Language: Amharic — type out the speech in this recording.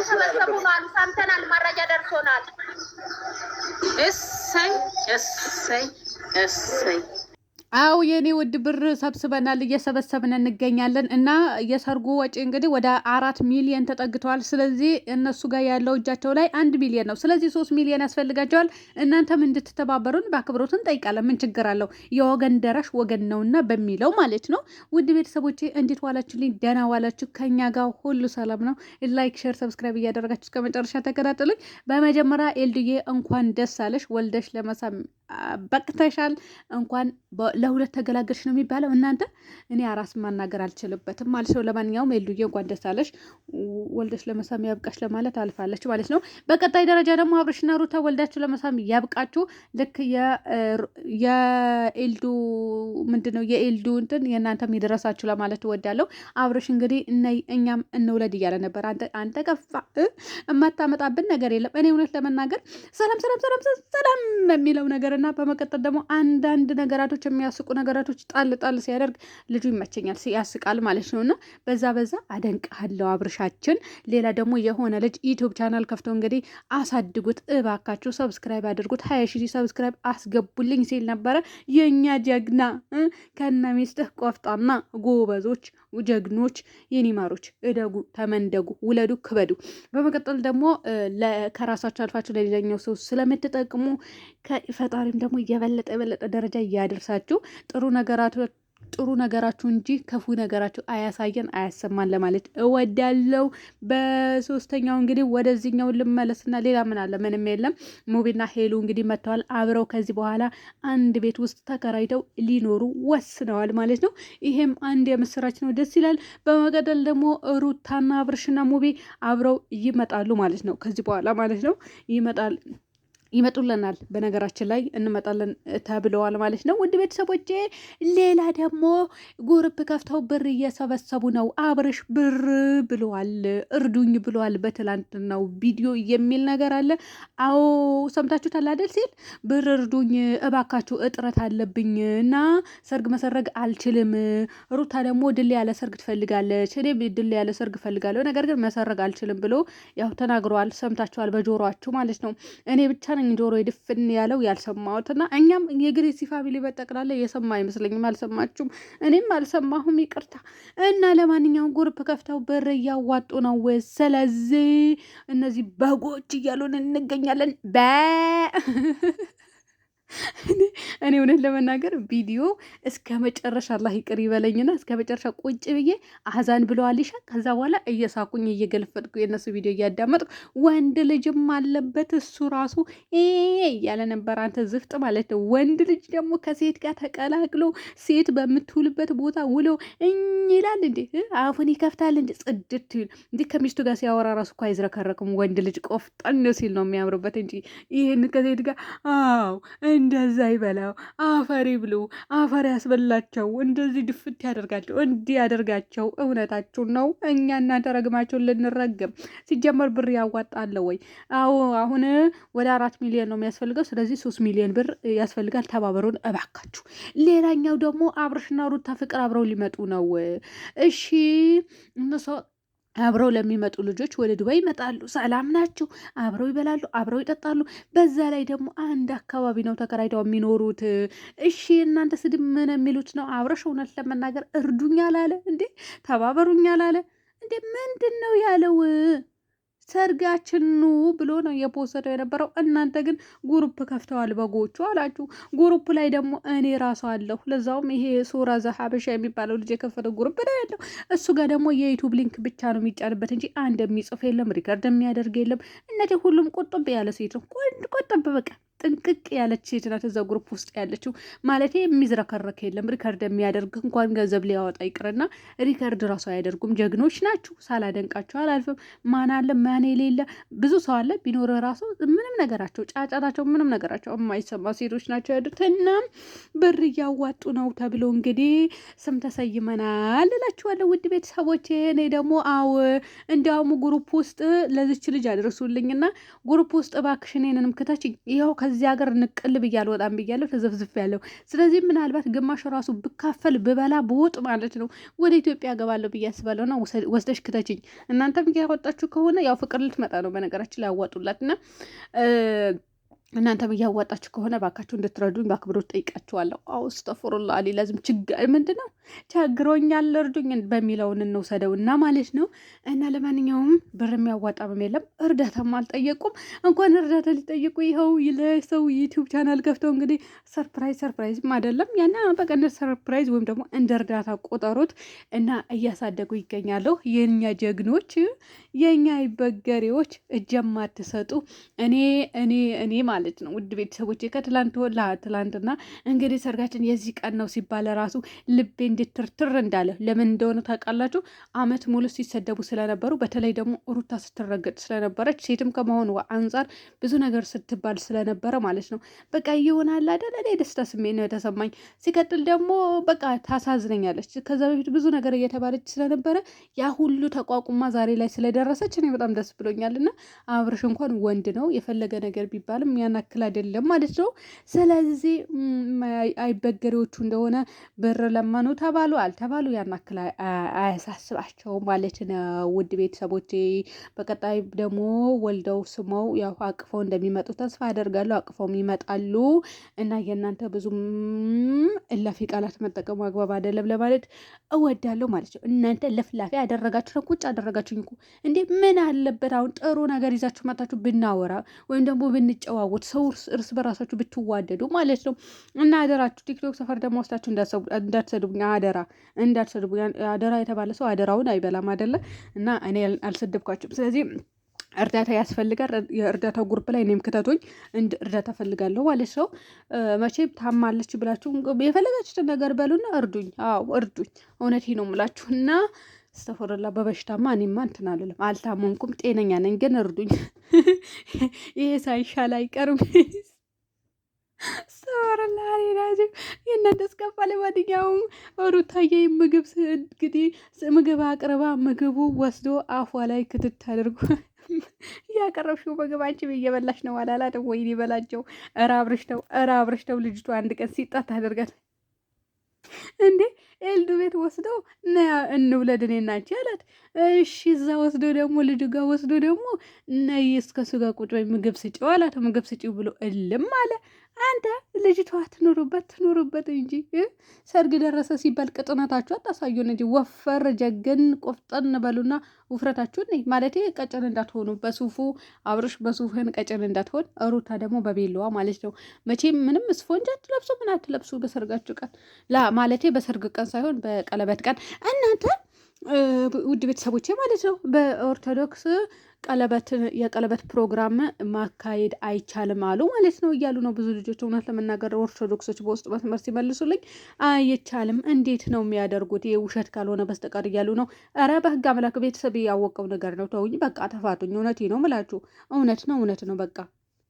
እየሰበሰቡ ነው አሉ። ሰምተናል፣ መረጃ ደርሶናል። እሰይ እሰይ እሰይ አው የኔ ውድ ብር ሰብስበናል፣ እየሰበሰብን እንገኛለን። እና የሰርጉ ወጪ እንግዲህ ወደ አራት ሚሊየን ተጠግተዋል። ስለዚህ እነሱ ጋር ያለው እጃቸው ላይ አንድ ሚሊየን ነው። ስለዚህ ሶስት ሚሊየን ያስፈልጋቸዋል። እናንተም እንድትተባበሩን በአክብሮት እንጠይቃለን። ምን ችግር አለው? የወገን ደራሽ ወገን ነውና በሚለው ማለት ነው። ውድ ቤተሰቦች እንዴት ዋላችሁልኝ? ደህና ዋላችሁ? ከኛ ጋር ሁሉ ሰላም ነው። ላይክ፣ ሼር፣ ሰብስክራይብ እያደረጋችሁ እስከ መጨረሻ ተከታተሉኝ። በመጀመሪያ ኤልድዬ እንኳን ደስ አለሽ፣ ወልደሽ ለመሳም በቅተሻል። እንኳን ለሁለት ተገላገልሽ ነው የሚባለው እናንተ። እኔ አራስ ማናገር አልችልበትም ማለት ነው። ለማንኛውም ሄሉዬ እንኳን ደስ አለሽ፣ ወልደሽ ለመሳም ያብቃሽ ለማለት አልፋለች ማለት ነው። በቀጣይ ደረጃ ደግሞ አብርሽና ሩታ ወልዳችሁ ለመሳም ያብቃችሁ። ልክ የኤልዱ ምንድን ነው የኤልዱ እንትን የእናንተም የደረሳችሁ ለማለት እወዳለሁ። አብርሽ እንግዲህ እኛም እንውለድ እያለ ነበር። አንተ ቀፋ የማታመጣብን ነገር የለም። እኔ እውነት ለመናገር ሰላም ሰላም ሰላም ሰላም የሚለው ነገር እና በመቀጠል ደግሞ አንዳንድ ነገራቶች የሚያስ የሚያስቁ ነገራቶች ጣል ጣል ሲያደርግ ልጁ ይመቸኛል፣ ያስቃል ማለት ነው። እና በዛ በዛ አደንቅሃለሁ አብርሻችን። ሌላ ደግሞ የሆነ ልጅ ዩቱብ ቻናል ከፍቶ እንግዲህ አሳድጉት እባካችሁ፣ ሰብስክራይብ አድርጉት፣ ሀያ ሺህ ሰብስክራይብ አስገቡልኝ ሲል ነበረ። የእኛ ጀግና ከነ ሚስትህ ቆፍጣና ጎበዞች ጀግኖች የኒማሮች እደጉ፣ ተመንደጉ፣ ውለዱ፣ ክበዱ። በመቀጠል ደግሞ ከራሳቸው አልፋቸው ለሌላኛው ሰው ስለምትጠቅሙ ከፈጣሪም ደግሞ የበለጠ የበለጠ ደረጃ እያደርሳችሁ ጥሩ ነገራቶች ጥሩ ነገራችሁ እንጂ ክፉ ነገራችሁ አያሳየን አያሰማን ለማለት እወዳለው። በሶስተኛው እንግዲህ ወደዚህኛው ልመለስና ሌላ ምን አለ? ምንም የለም። ሙቢና ሄሉ እንግዲህ መጥተዋል። አብረው ከዚህ በኋላ አንድ ቤት ውስጥ ተከራይተው ሊኖሩ ወስነዋል ማለት ነው። ይሄም አንድ የምስራች ነው። ደስ ይላል። በመቀጠል ደግሞ ሩታና ብርሽና ሙቢ አብረው ይመጣሉ ማለት ነው። ከዚህ በኋላ ማለት ነው ይመጣል ይመጡልናል። በነገራችን ላይ እንመጣለን ተብለዋል ማለት ነው። ውድ ቤተሰቦቼ፣ ሌላ ደግሞ ጉርብ ከፍተው ብር እየሰበሰቡ ነው። አብርሽ ብር ብለዋል፣ እርዱኝ ብለዋል። በትላንትናው ቪዲዮ የሚል ነገር አለ። አዎ ሰምታችሁ ታላደል ሲል ብር እርዱኝ፣ እባካችሁ እጥረት አለብኝ እና ሰርግ መሰረግ አልችልም። ሩታ ደግሞ ድል ያለ ሰርግ ትፈልጋለች፣ እኔ ድል ያለ ሰርግ እፈልጋለሁ፣ ነገር ግን መሰረግ አልችልም ብሎ ያው ተናግረዋል። ሰምታችኋል፣ በጆሮአችሁ ማለት ነው። እኔ ብቻ ቀን ጆሮ ድፍን ያለው ያልሰማሁት እና እኛም የግሬሲ ፋሚሊ በጠቅላላ የሰማ አይመስለኝም። አልሰማችሁም፣ እኔም አልሰማሁም። ይቅርታ እና ለማንኛውም ጉርፕ ከፍተው ብር እያዋጡ ነው። ስለዚህ እነዚህ በጎች እያሉን እንገኛለን በ እኔ እውነት ለመናገር ቪዲዮ እስከ መጨረሻ አላህ ይቅር ይበለኝና እስከ መጨረሻ ቁጭ ብዬ አዛን ብለዋል ይሻ ከዛ በኋላ እየሳቁኝ እየገለፈጥኩ የእነሱ ቪዲዮ እያዳመጥኩ ወንድ ልጅም አለበት እሱ ራሱ እያለ ነበር። አንተ ዝፍጥ ማለት ነው። ወንድ ልጅ ደግሞ ከሴት ጋር ተቀላቅሎ ሴት በምትውልበት ቦታ ውሎ እኝ ይላል እንዴ! አፉን ይከፍታል እንዴ! ጽድት ይል እንዴ! ከሚስቱ ጋር ሲያወራ ራሱ እኮ አይዝረከረክም። ወንድ ልጅ ቆፍጠን ሲል ነው የሚያምርበት እንጂ ይህን ከሴት ጋር አዎ እንደዛ ይበላል አፈሪ ብሉ፣ አፈር ያስበላቸው፣ እንደዚህ ድፍት ያደርጋቸው፣ እንዲህ ያደርጋቸው። እውነታችሁን ነው። እኛ እናንተ ረግማችሁን ልንረግም። ሲጀመር ብር ያዋጣለ ወይ? አዎ፣ አሁን ወደ አራት ሚሊዮን ነው የሚያስፈልገው። ስለዚህ ሶስት ሚሊዮን ብር ያስፈልጋል። ተባበሩን እባካችሁ። ሌላኛው ደግሞ አብርሽና ሩታ ፍቅር አብረው ሊመጡ ነው። እሺ እነሱ አብረው ለሚመጡ ልጆች ወደ ዱባይ ይመጣሉ። ሰላም ናቸው። አብረው ይበላሉ፣ አብረው ይጠጣሉ። በዛ ላይ ደግሞ አንድ አካባቢ ነው ተከራይተው የሚኖሩት። እሺ እናንተ ስድብ ምን የሚሉት ነው? አብረሽ እውነት ለመናገር እርዱኛ ላለ እንዴ ተባበሩኛ ላለ እንዴ ምንድን ነው ያለው? ሰርጋችን ኑ ብሎ ነው የፖሰደው የነበረው። እናንተ ግን ጉሩፕ ከፍተዋል በጎቹ አላችሁ። ጉሩፕ ላይ ደግሞ እኔ ራሱ አለሁ። ለዛውም ይሄ ሱራ ዘሀበሻ የሚባለው ልጅ የከፈተው ጉሩፕ ላይ ያለው። እሱ ጋር ደግሞ የዩቱብ ሊንክ ብቻ ነው የሚጫንበት እንጂ አንድ የሚጽፍ የለም፣ ሪከርድ የሚያደርግ የለም። እነዚህ ሁሉም ቁጥብ ያለ ሴት ነው። ቆጥብ በቃ ጥንቅቅ ያለች ሴት ናት እዛ ግሩፕ ውስጥ ያለችው። ማለት የሚዝረከረክ የለም ሪከርድ የሚያደርግ እንኳን ገንዘብ ሊያወጣ ይቅርና ሪከርድ ራሱ አያደርጉም። ጀግኖች ናችሁ፣ ሳላደንቃችሁ አላልፍም። ማን አለ ማን የሌለ ብዙ ሰው አለ ቢኖር ራሱ ምንም ነገራቸው ጫጫታቸው፣ ምንም ነገራቸው የማይሰማ ሴቶች ናቸው ያሉት። እናም ብር እያዋጡ ነው ተብሎ እንግዲህ ስም ተሰይመናል እላችኋለሁ ውድ ቤተሰቦች። እኔ ደግሞ አው እንዲያውም ግሩፕ ውስጥ ለዚች ልጅ አድርሱልኝና ግሩፕ ውስጥ እባክሽ እኔንም ክተችኝ ይኸው ከዚህ ሀገር ንቅል ብያለሁ፣ ወጣም ብያለሁ፣ ተዘፍዝፍ ያለው ስለዚህ ምናልባት ግማሽ ራሱ ብካፈል ብበላ ብወጥ ማለት ነው ወደ ኢትዮጵያ እገባለሁ ብዬ አስባለሁ። ና ወስደሽ ክተችኝ። እናንተም ያወጣችሁ ከሆነ ያው ፍቅር ልትመጣ ነው በነገራችን ላይ ያዋጡላት ና እናንተም እያዋጣችሁ ከሆነ ባካችሁ እንድትረዱኝ በአክብሮት ጠይቃችኋለሁ። አው ስተፍሩላ ሌላዝም ችግር ምንድን ነው ቸግሮኛል እርዱኝ በሚለውን እንውሰደው እና ማለት ነው። እና ለማንኛውም ብር የሚያዋጣምም የለም እርዳታም አልጠየቁም። እንኳን እርዳታ ሊጠይቁ ይኸው ለሰው ዩቲዩብ ቻናል ከፍተው እንግዲህ ሰርፕራይዝ ሰርፕራይዝም አይደለም ያን በቀን ሰርፕራይዝ ወይም ደግሞ እንደ እርዳታ ቆጠሩት እና እያሳደጉ ይገኛለሁ። የእኛ ጀግኖች፣ የእኛ ይበገሬዎች እጀ ማትሰጡ እኔ እኔ እኔ ማለት ማለት ነው። ውድ ቤተሰቦች ከትላንት ወላ ትላንትና እንግዲህ ሰርጋችን የዚህ ቀን ነው ሲባለ ራሱ ልቤ እንድትርትር ትርትር እንዳለ ለምን እንደሆነ ታውቃላችሁ? አመት ሙሉ ሲሰደቡ ስለነበሩ በተለይ ደግሞ ሩታ ስትረገጥ ስለነበረች ሴትም ከመሆኑ አንጻር ብዙ ነገር ስትባል ስለነበረ ማለት ነው። በቃ ይሆናል አይደል? እኔ ደስታ ስሜት ነው የተሰማኝ። ሲቀጥል ደግሞ በቃ ታሳዝነኛለች። ከዛ በፊት ብዙ ነገር እየተባለች ስለነበረ ያ ሁሉ ተቋቁማ ዛሬ ላይ ስለደረሰች እኔ በጣም ደስ ብሎኛል። እና አብርሽ እንኳን ወንድ ነው የፈለገ ነገር ቢባልም ያን ያክል አይደለም ማለት ነው። ስለዚህ አይበገሬዎቹ እንደሆነ ብር ለመኑ ተባሉ አልተባሉ ያን ያክል ማለት ነው። ውድ ቤተሰቦቼ በቀጣይ ደግሞ ወልደው ስመው ያው አቅፈው እንደሚመጡ ተስፋ አደርጋለሁ። አቅፈውም ይመጣሉ እና የእናንተ ብዙም እላፊ ቃላት መጠቀሙ አግባብ አይደለም ለማለት እወዳለሁ ማለት ነው። እናንተ ለፍላፊ ያደረጋችሁ ቁጭ አደረጋችሁኝ እኮ እንዴ! ምን አለበት አሁን ጥሩ ነገር ይዛችሁ መታችሁ ብናወራ ወይም ደግሞ ብንጨዋወ የምታደርጉት ሰው እርስ በራሳችሁ ብትዋደዱ ማለት ነው። እና አደራችሁ ቲክቶክ ሰፈር ደግሞ ወስዳችሁ እንዳትሰድቡኝ አደራ፣ እንዳትሰድቡኝ አደራ። የተባለ ሰው አደራውን አይበላም አደለ? እና እኔ አልሰደብኳችሁም። ስለዚህ እርዳታ ያስፈልጋል። የእርዳታ ጉርብ ላይ እኔም ክተቶኝ እንድ እርዳታ ፈልጋለሁ ማለት ሰው መቼም ታማለች ብላችሁ የፈለጋችሁትን ነገር በሉና እርዱኝ። አዎ እርዱኝ። እውነቴ ነው የምላችሁ እና ስተፈረላ በበሽታማ እኔማ እንትን አልልም። አልታመንኩም፣ ጤነኛ ነኝ። ግን እርዱኝ፣ ይሄ ሳይሻል አይቀርም። ስተፈረላ ሌላጅ የእናንተ ስከፋለ ማድኛውም ሩታዬ ምግብ እንግዲህ ምግብ አቅርባ ምግቡ ወስዶ አፏ ላይ ክትት አድርጎ ያቀረብሽው ምግብ አንቺ እየበላሽ ነው አላላ ደግሞ ይኔ በላቸው ራብርሽ ነው ራብርሽ ነው ልጅቷ አንድ ቀን ሲጣት አድርጋል እንዴ ኤልዱ ቤት ወስዶ እንውለድ እኔ እና አላት። እሺ እዛ ወስዶ ደግሞ ልጁ ጋ ወስዶ ደግሞ ነይ እስከ እሱ ጋ ቁጭ ወይ ምግብ ስጭው አላት። ምግብ ስጭው ብሎ እልም አለ። አንተ ልጅቷ ትኑሩበት ትኑሩበት እንጂ ሰርግ ደረሰ ሲባል ቅጥነታችሁ አታሳዩን እንጂ ወፈር ጀግን ቆፍጠን በሉና ውፍረታችሁ ነ ማለት ቀጭን እንዳትሆኑ። በሱፉ አብርሽ በሱፍህን ቀጭን እንዳትሆን፣ ሩታ ደግሞ በቤለዋ ማለት ነው። መቼም ምንም ስፖንጅ አትለብሱ ምን አትለብሱ በሰርጋችሁ ቀን ላ ማለት በሰርግ ቀን ሳይሆን በቀለበት ቀን እናንተ ውድ ቤተሰቦቼ ማለት ነው በኦርቶዶክስ ቀለበትን የቀለበት ፕሮግራም ማካሄድ አይቻልም አሉ ማለት ነው እያሉ ነው ብዙ ልጆች። እውነት ለመናገር ኦርቶዶክሶች በውስጥ መስመር ሲመልሱልኝ አይቻልም እንዴት ነው የሚያደርጉት ይህ ውሸት ካልሆነ በስተቀር እያሉ ነው። ኧረ በህግ አምላክ ቤተሰብ ያወቀው ነገር ነው። ተውኝ በቃ ተፋቱኝ። እውነት ነው ምላችሁ፣ እውነት ነው እውነት ነው በቃ